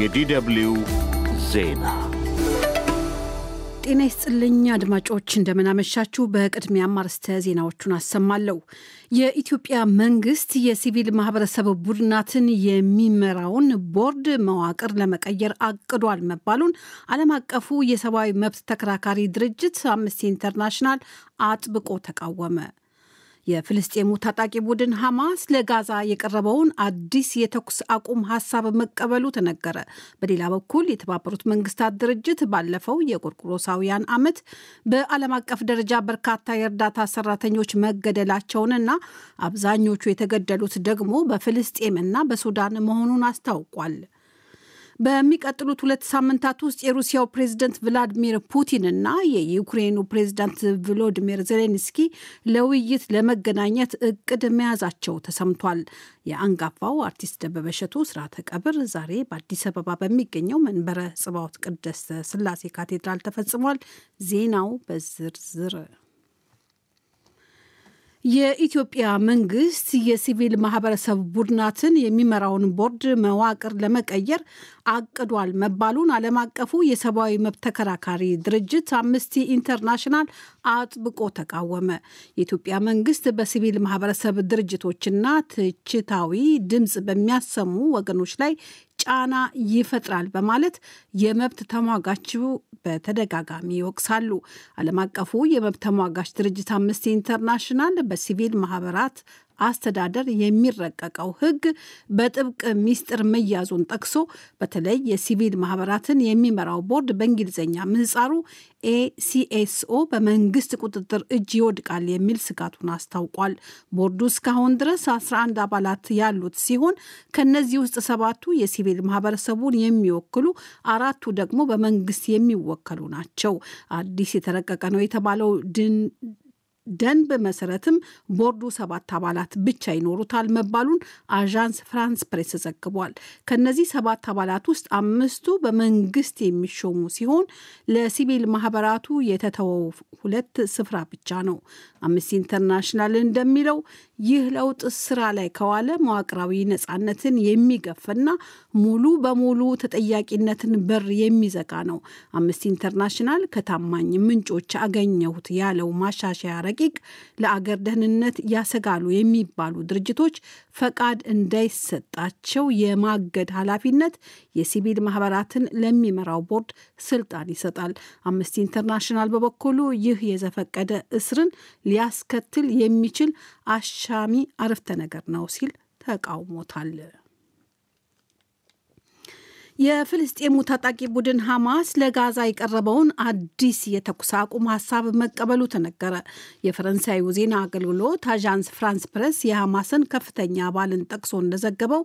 የዲደብልዩ ዜና ጤና ይስጥልኝ አድማጮች፣ እንደምናመሻችሁ። በቅድሚያ አርዕስተ ዜናዎቹን አሰማለሁ። የኢትዮጵያ መንግስት የሲቪል ማህበረሰብ ቡድናትን የሚመራውን ቦርድ መዋቅር ለመቀየር አቅዷል መባሉን አለም አቀፉ የሰብአዊ መብት ተከራካሪ ድርጅት አምነስቲ ኢንተርናሽናል አጥብቆ ተቃወመ። የፍልስጤሙ ታጣቂ ቡድን ሐማስ ለጋዛ የቀረበውን አዲስ የተኩስ አቁም ሀሳብ መቀበሉ ተነገረ። በሌላ በኩል የተባበሩት መንግስታት ድርጅት ባለፈው የጎርጎሮሳውያን ዓመት በዓለም አቀፍ ደረጃ በርካታ የእርዳታ ሰራተኞች መገደላቸውንና አብዛኞቹ የተገደሉት ደግሞ በፍልስጤምና በሱዳን መሆኑን አስታውቋል። በሚቀጥሉት ሁለት ሳምንታት ውስጥ የሩሲያው ፕሬዚደንት ቭላዲሚር ፑቲን እና የዩክሬኑ ፕሬዝዳንት ቮሎዲሚር ዜሌንስኪ ለውይይት ለመገናኘት እቅድ መያዛቸው ተሰምቷል። የአንጋፋው አርቲስት ደበበ እሸቱ ስርዓተ ቀብር ዛሬ በአዲስ አበባ በሚገኘው መንበረ ጽባኦት ቅድስተ ሥላሴ ካቴድራል ተፈጽሟል። ዜናው በዝርዝር የኢትዮጵያ መንግስት የሲቪል ማህበረሰብ ቡድናትን የሚመራውን ቦርድ መዋቅር ለመቀየር አቅዷል መባሉን ዓለም አቀፉ የሰብአዊ መብት ተከራካሪ ድርጅት አምነስቲ ኢንተርናሽናል አጥብቆ ተቃወመ። የኢትዮጵያ መንግስት በሲቪል ማህበረሰብ ድርጅቶችና ትችታዊ ድምፅ በሚያሰሙ ወገኖች ላይ ጫና ይፈጥራል በማለት የመብት ተሟጋችው በተደጋጋሚ ይወቅሳሉ። ዓለም አቀፉ የመብት ተሟጋች ድርጅት አምነስቲ ኢንተርናሽናል በሲቪል ማህበራት አስተዳደር የሚረቀቀው ህግ በጥብቅ ሚስጥር መያዙን ጠቅሶ በተለይ የሲቪል ማህበራትን የሚመራው ቦርድ በእንግሊዝኛ ምህጻሩ ኤሲኤስኦ በመንግስት ቁጥጥር እጅ ይወድቃል የሚል ስጋቱን አስታውቋል። ቦርዱ እስካሁን ድረስ 11 አባላት ያሉት ሲሆን ከነዚህ ውስጥ ሰባቱ የሲቪል ማህበረሰቡን የሚወክሉ፣ አራቱ ደግሞ በመንግስት የሚወከሉ ናቸው። አዲስ የተረቀቀ ነው የተባለው ደንብ መሰረትም ቦርዱ ሰባት አባላት ብቻ ይኖሩታል መባሉን አዣንስ ፍራንስ ፕሬስ ዘግቧል። ከነዚህ ሰባት አባላት ውስጥ አምስቱ በመንግስት የሚሾሙ ሲሆን ለሲቪል ማህበራቱ የተተወው ሁለት ስፍራ ብቻ ነው። አምነስቲ ኢንተርናሽናል እንደሚለው ይህ ለውጥ ስራ ላይ ከዋለ መዋቅራዊ ነጻነትን የሚገፍና ሙሉ በሙሉ ተጠያቂነትን በር የሚዘጋ ነው። አምነስቲ ኢንተርናሽናል ከታማኝ ምንጮች አገኘሁት ያለው ማሻሻያ ረቂቅ ለአገር ደህንነት ያሰጋሉ የሚባሉ ድርጅቶች ፈቃድ እንዳይሰጣቸው የማገድ ኃላፊነት የሲቪል ማህበራትን ለሚመራው ቦርድ ስልጣን ይሰጣል። አምነስቲ ኢንተርናሽናል በበኩሉ ይህ የዘፈቀደ እስርን ሊያስከትል የሚችል አሻሚ አረፍተ ነገር ነው ሲል ተቃውሞታል። የፍልስጤሙ ታጣቂ ቡድን ሐማስ ለጋዛ የቀረበውን አዲስ የተኩስ አቁም ሀሳብ መቀበሉ ተነገረ። የፈረንሳዩ ዜና አገልግሎት አዣንስ ፍራንስ ፕሬስ የሐማስን ከፍተኛ አባልን ጠቅሶ እንደዘገበው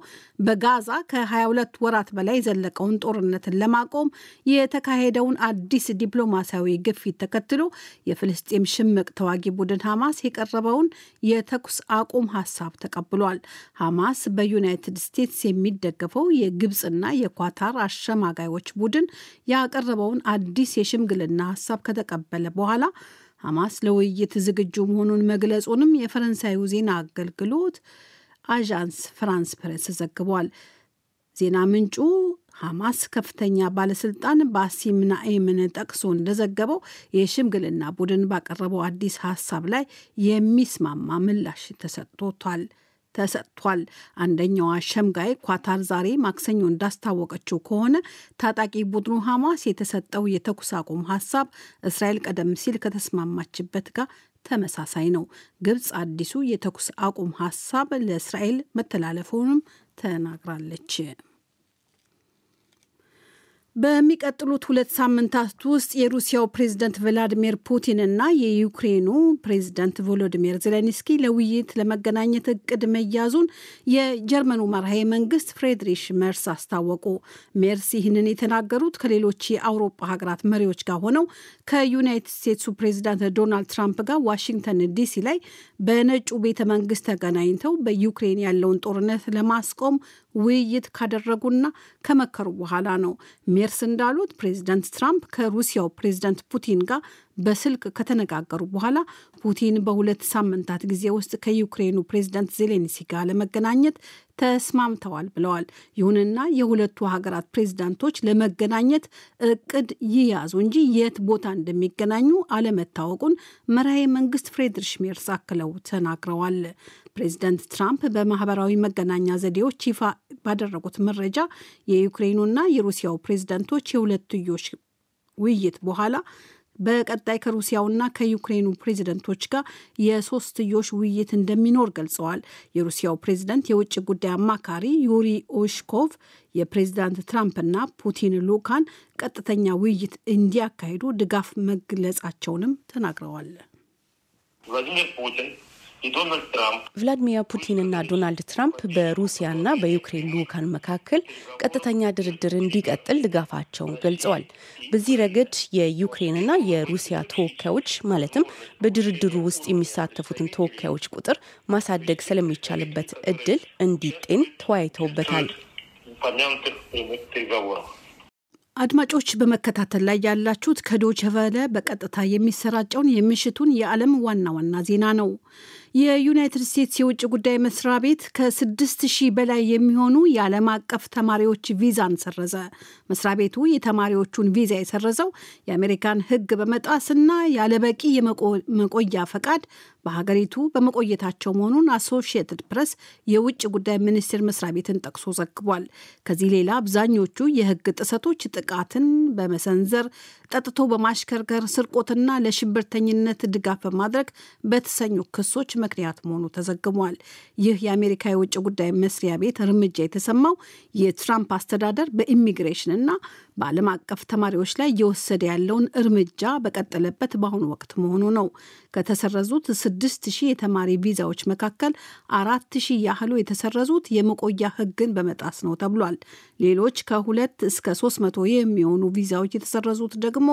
በጋዛ ከ22 ወራት በላይ የዘለቀውን ጦርነትን ለማቆም የተካሄደውን አዲስ ዲፕሎማሲያዊ ግፊት ተከትሎ የፍልስጤም ሽምቅ ተዋጊ ቡድን ሐማስ የቀረበውን የተኩስ አቁም ሀሳብ ተቀብሏል። ሐማስ በዩናይትድ ስቴትስ የሚደገፈው የግብፅና የኳታ የካታር አሸማጋዮች ቡድን ያቀረበውን አዲስ የሽምግልና ሀሳብ ከተቀበለ በኋላ ሐማስ ለውይይት ዝግጁ መሆኑን መግለጹንም የፈረንሳዩ ዜና አገልግሎት አዣንስ ፍራንስ ፕሬስ ዘግቧል። ዜና ምንጩ ሐማስ ከፍተኛ ባለስልጣን ባሲም ናኢምን ጠቅሶ እንደዘገበው የሽምግልና ቡድን ባቀረበው አዲስ ሀሳብ ላይ የሚስማማ ምላሽ ተሰጥቶቷል። ተሰጥቷል። አንደኛዋ ሸምጋይ ኳታር ዛሬ ማክሰኞ እንዳስታወቀችው ከሆነ ታጣቂ ቡድኑ ሐማስ የተሰጠው የተኩስ አቁም ሀሳብ እስራኤል ቀደም ሲል ከተስማማችበት ጋር ተመሳሳይ ነው። ግብፅ አዲሱ የተኩስ አቁም ሀሳብ ለእስራኤል መተላለፉንም ተናግራለች። በሚቀጥሉት ሁለት ሳምንታት ውስጥ የሩሲያው ፕሬዝደንት ቭላዲሚር ፑቲን እና የዩክሬኑ ፕሬዚደንት ቮሎዲሚር ዜሌንስኪ ለውይይት ለመገናኘት እቅድ መያዙን የጀርመኑ መርሃዊ መንግስት ፍሬድሪሽ መርስ አስታወቁ። ሜርስ ይህንን የተናገሩት ከሌሎች የአውሮፓ ሀገራት መሪዎች ጋር ሆነው ከዩናይትድ ስቴትሱ ፕሬዝዳንት ዶናልድ ትራምፕ ጋር ዋሽንግተን ዲሲ ላይ በነጩ ቤተ መንግስት ተገናኝተው በዩክሬን ያለውን ጦርነት ለማስቆም ውይይት ካደረጉና ከመከሩ በኋላ ነው። ሜርስ እንዳሉት ፕሬዚደንት ትራምፕ ከሩሲያው ፕሬዚደንት ፑቲን ጋር በስልክ ከተነጋገሩ በኋላ ፑቲን በሁለት ሳምንታት ጊዜ ውስጥ ከዩክሬኑ ፕሬዚደንት ዜሌንስኪ ጋር ለመገናኘት ተስማምተዋል ብለዋል። ይሁንና የሁለቱ ሀገራት ፕሬዚዳንቶች ለመገናኘት እቅድ ይያዙ እንጂ የት ቦታ እንደሚገናኙ አለመታወቁን መራሄ መንግስት ፍሬድሪሽ ሜርስ አክለው ተናግረዋል። ፕሬዚደንት ትራምፕ በማህበራዊ መገናኛ ዘዴዎች ይፋ ባደረጉት መረጃ የዩክሬኑና የሩሲያው ፕሬዝዳንቶች የሁለትዮሽ ውይይት በኋላ በቀጣይ ከሩሲያውና ከዩክሬኑ ፕሬዝደንቶች ጋር የሶስትዮሽ ውይይት እንደሚኖር ገልጸዋል። የሩሲያው ፕሬዝደንት የውጭ ጉዳይ አማካሪ ዩሪ ኦሽኮቭ የፕሬዝዳንት ትራምፕና ፑቲን ሉካን ቀጥተኛ ውይይት እንዲያካሂዱ ድጋፍ መግለጻቸውንም ተናግረዋል። ቭላዲሚር ፑቲን ቭላዲሚር ፑቲንና ዶናልድ ትራምፕ በሩሲያና በዩክሬን ልውካን መካከል ቀጥተኛ ድርድር እንዲቀጥል ድጋፋቸውን ገልጸዋል። በዚህ ረገድ የዩክሬንና የሩሲያ ተወካዮች ማለትም በድርድሩ ውስጥ የሚሳተፉትን ተወካዮች ቁጥር ማሳደግ ስለሚቻልበት እድል እንዲጤን ተወያይተውበታል። አድማጮች በመከታተል ላይ ያላችሁት ከዶቸቨለ በቀጥታ የሚሰራጨውን የምሽቱን የዓለም ዋና ዋና ዜና ነው። የዩናይትድ ስቴትስ የውጭ ጉዳይ መስሪያ ቤት ከስድስት ሺህ በላይ የሚሆኑ የዓለም አቀፍ ተማሪዎች ቪዛን ሰረዘ። መስሪያ ቤቱ የተማሪዎቹን ቪዛ የሰረዘው የአሜሪካን ሕግ በመጣስና ያለበቂ የመቆያ ፈቃድ በሀገሪቱ በመቆየታቸው መሆኑን አሶሺየትድ ፕሬስ የውጭ ጉዳይ ሚኒስቴር መስሪያ ቤትን ጠቅሶ ዘግቧል። ከዚህ ሌላ አብዛኞቹ የህግ ጥሰቶች ጥቃትን በመሰንዘር ጠጥቶ በማሽከርከር፣ ስርቆትና ለሽብርተኝነት ድጋፍ በማድረግ በተሰኙ ክሶች ምክንያት መሆኑ ተዘግቧል። ይህ የአሜሪካ የውጭ ጉዳይ መስሪያ ቤት እርምጃ የተሰማው የትራምፕ አስተዳደር በኢሚግሬሽን እና በዓለም አቀፍ ተማሪዎች ላይ እየወሰደ ያለውን እርምጃ በቀጠለበት በአሁኑ ወቅት መሆኑ ነው። ከተሰረዙት ስድስት ሺህ የተማሪ ቪዛዎች መካከል አራት ሺህ ያህሉ የተሰረዙት የመቆያ ሕግን በመጣስ ነው ተብሏል። ሌሎች ከሁለት እስከ ሶስት መቶ የሚሆኑ ቪዛዎች የተሰረዙት ደግሞ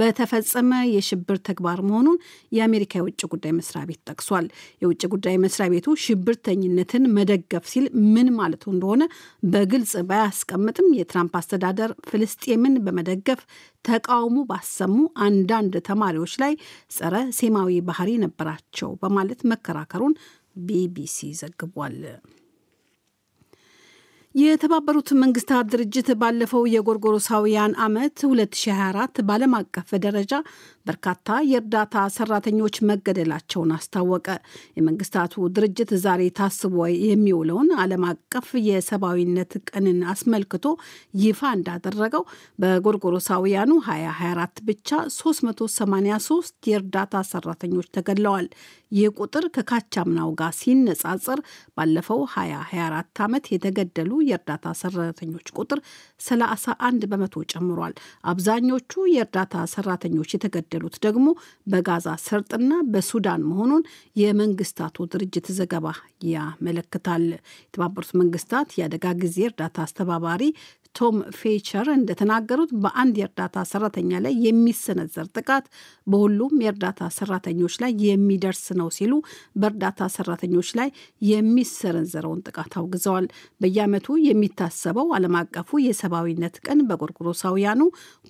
በተፈጸመ የሽብር ተግባር መሆኑን የአሜሪካ የውጭ ጉዳይ መስሪያ ቤት ጠቅሷል። የውጭ ጉዳይ መስሪያ ቤቱ ሽብርተኝነትን መደገፍ ሲል ምን ማለቱ እንደሆነ በግልጽ ባያስቀምጥም የትራምፕ አስተዳደር ፍልስጤምን በመደገፍ ተቃውሞ ባሰሙ አንዳንድ ተማሪዎች ላይ ጸረ ሴማዊ ባህሪ ነበራቸው በማለት መከራከሩን ቢቢሲ ዘግቧል። የተባበሩት መንግስታት ድርጅት ባለፈው የጎርጎሮሳውያን ዓመት 2024 በዓለም አቀፍ ደረጃ በርካታ የእርዳታ ሰራተኞች መገደላቸውን አስታወቀ። የመንግስታቱ ድርጅት ዛሬ ታስቦ የሚውለውን ዓለም አቀፍ የሰብአዊነት ቀንን አስመልክቶ ይፋ እንዳደረገው በጎርጎሮሳውያኑ 2024 ብቻ 383 የእርዳታ ሰራተኞች ተገድለዋል። ይህ ቁጥር ከካቻምናው ጋር ሲነጻጸር ባለፈው 2024 ዓመት የተገደሉ የእርዳታ ሰራተኞች ቁጥር 31 በመቶ ጨምሯል። አብዛኞቹ የእርዳታ ሰራተኞች የተገደሉት ደግሞ በጋዛ ሰርጥና በሱዳን መሆኑን የመንግስታቱ ድርጅት ዘገባ ያመለክታል። የተባበሩት መንግስታት የአደጋ ጊዜ እርዳታ አስተባባሪ ቶም ፌቸር እንደተናገሩት በአንድ የእርዳታ ሰራተኛ ላይ የሚሰነዘር ጥቃት በሁሉም የእርዳታ ሰራተኞች ላይ የሚደርስ ነው ሲሉ በእርዳታ ሰራተኞች ላይ የሚሰነዘረውን ጥቃት አውግዘዋል። በየዓመቱ የሚታሰበው ዓለም አቀፉ የሰብአዊነት ቀን በጎርጎሮሳውያኑ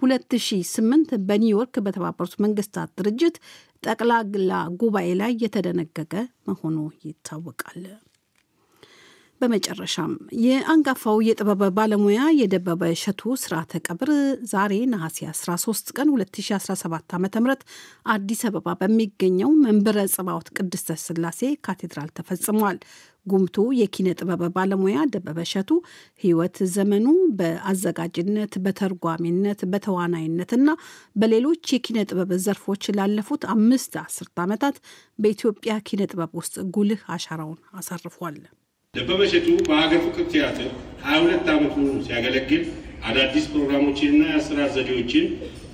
2008 በኒውዮርክ በተባበሩት መንግስታት ድርጅት ጠቅላላ ጉባኤ ላይ የተደነገገ መሆኑ ይታወቃል። በመጨረሻም የአንጋፋው የጥበብ ባለሙያ የደበበ እሸቱ ስርዓተ ቀብር ዛሬ ነሐሴ 13 ቀን 2017 ዓ ም አዲስ አበባ በሚገኘው መንበረ ጸባዖት ቅድስተ ስላሴ ካቴድራል ተፈጽሟል። ጉምቱ የኪነ ጥበብ ባለሙያ ደበበ እሸቱ ሕይወት ዘመኑ በአዘጋጅነት፣ በተርጓሚነት፣ በተዋናይነትና በሌሎች የኪነ ጥበብ ዘርፎች ላለፉት አምስት አስርት ዓመታት በኢትዮጵያ ኪነ ጥበብ ውስጥ ጉልህ አሻራውን አሳርፏል። ለበበሸቱ በሀገር ፍቅር ቲያትር 22 ዓመቱ ሙሉ ሲያገለግል አዳዲስ ፕሮግራሞችንና የአሰራር ዘዴዎችን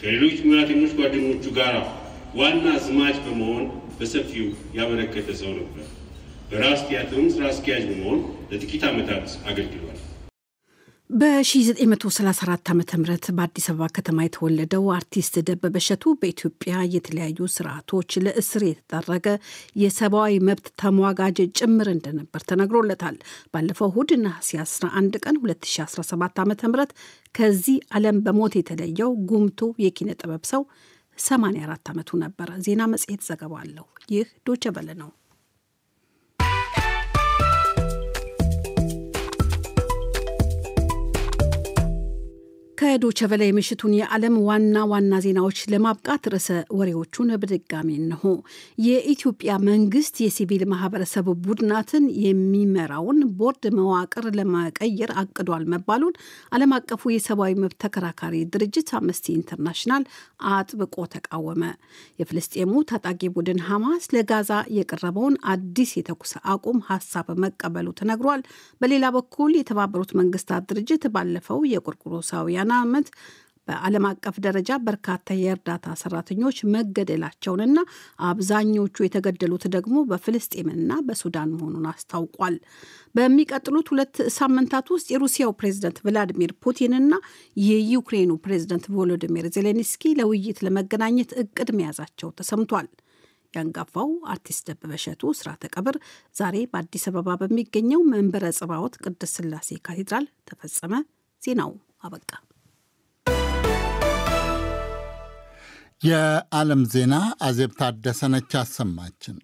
ከሌሎች ሙያተኞች ጓደኞቹ ጋር ዋና አዝማች በመሆን በሰፊው ያበረከተ ሰው ነበር። በራስ ቲያትርም ስራ አስኪያጅ በመሆን ለጥቂት ዓመታት አገልግሏል። በ1934 ዓ ም በአዲስ አበባ ከተማ የተወለደው አርቲስት ደበበ እሸቱ በኢትዮጵያ የተለያዩ ስርዓቶች ለእስር የተዳረገ የሰብአዊ መብት ተሟጋጅ ጭምር እንደነበር ተነግሮለታል። ባለፈው እሁድ ነሐሴ 11 ቀን 2017 ዓ ም ከዚህ ዓለም በሞት የተለየው ጉምቱ የኪነ ጥበብ ሰው 84 ዓመቱ ነበር ዜና መጽሔት ዘገባ አለው። ይህ ዶቸበለ ነው። ከዶቸቨለ የምሽቱን የዓለም ዋና ዋና ዜናዎች ለማብቃት ርዕሰ ወሬዎቹን በድጋሚ እንሆ። የኢትዮጵያ መንግስት የሲቪል ማህበረሰብ ቡድናትን የሚመራውን ቦርድ መዋቅር ለመቀየር አቅዷል መባሉን ዓለም አቀፉ የሰብአዊ መብት ተከራካሪ ድርጅት አምነስቲ ኢንተርናሽናል አጥብቆ ተቃወመ። የፍልስጤሙ ታጣቂ ቡድን ሐማስ ለጋዛ የቀረበውን አዲስ የተኩስ አቁም ሀሳብ መቀበሉ ተነግሯል። በሌላ በኩል የተባበሩት መንግስታት ድርጅት ባለፈው የቆርቆሮሳውያን ዘጠና ዓመት በዓለም አቀፍ ደረጃ በርካታ የእርዳታ ሰራተኞች መገደላቸውንና አብዛኞቹ የተገደሉት ደግሞ በፍልስጤምና በሱዳን መሆኑን አስታውቋል። በሚቀጥሉት ሁለት ሳምንታት ውስጥ የሩሲያው ፕሬዝደንት ቭላዲሚር ፑቲንና የዩክሬኑ ፕሬዝደንት ቮሎዲሚር ዜሌንስኪ ለውይይት ለመገናኘት እቅድ መያዛቸው ተሰምቷል። ያንጋፋው አርቲስት ደበበ እሸቱ ስርዓተ ቀብር ዛሬ በአዲስ አበባ በሚገኘው መንበረ ጽባወት ቅድስት ሥላሴ ካቴድራል ተፈጸመ። ዜናው አበቃ። የዓለም ዜና አዜብ ታደሰነች አሰማችን።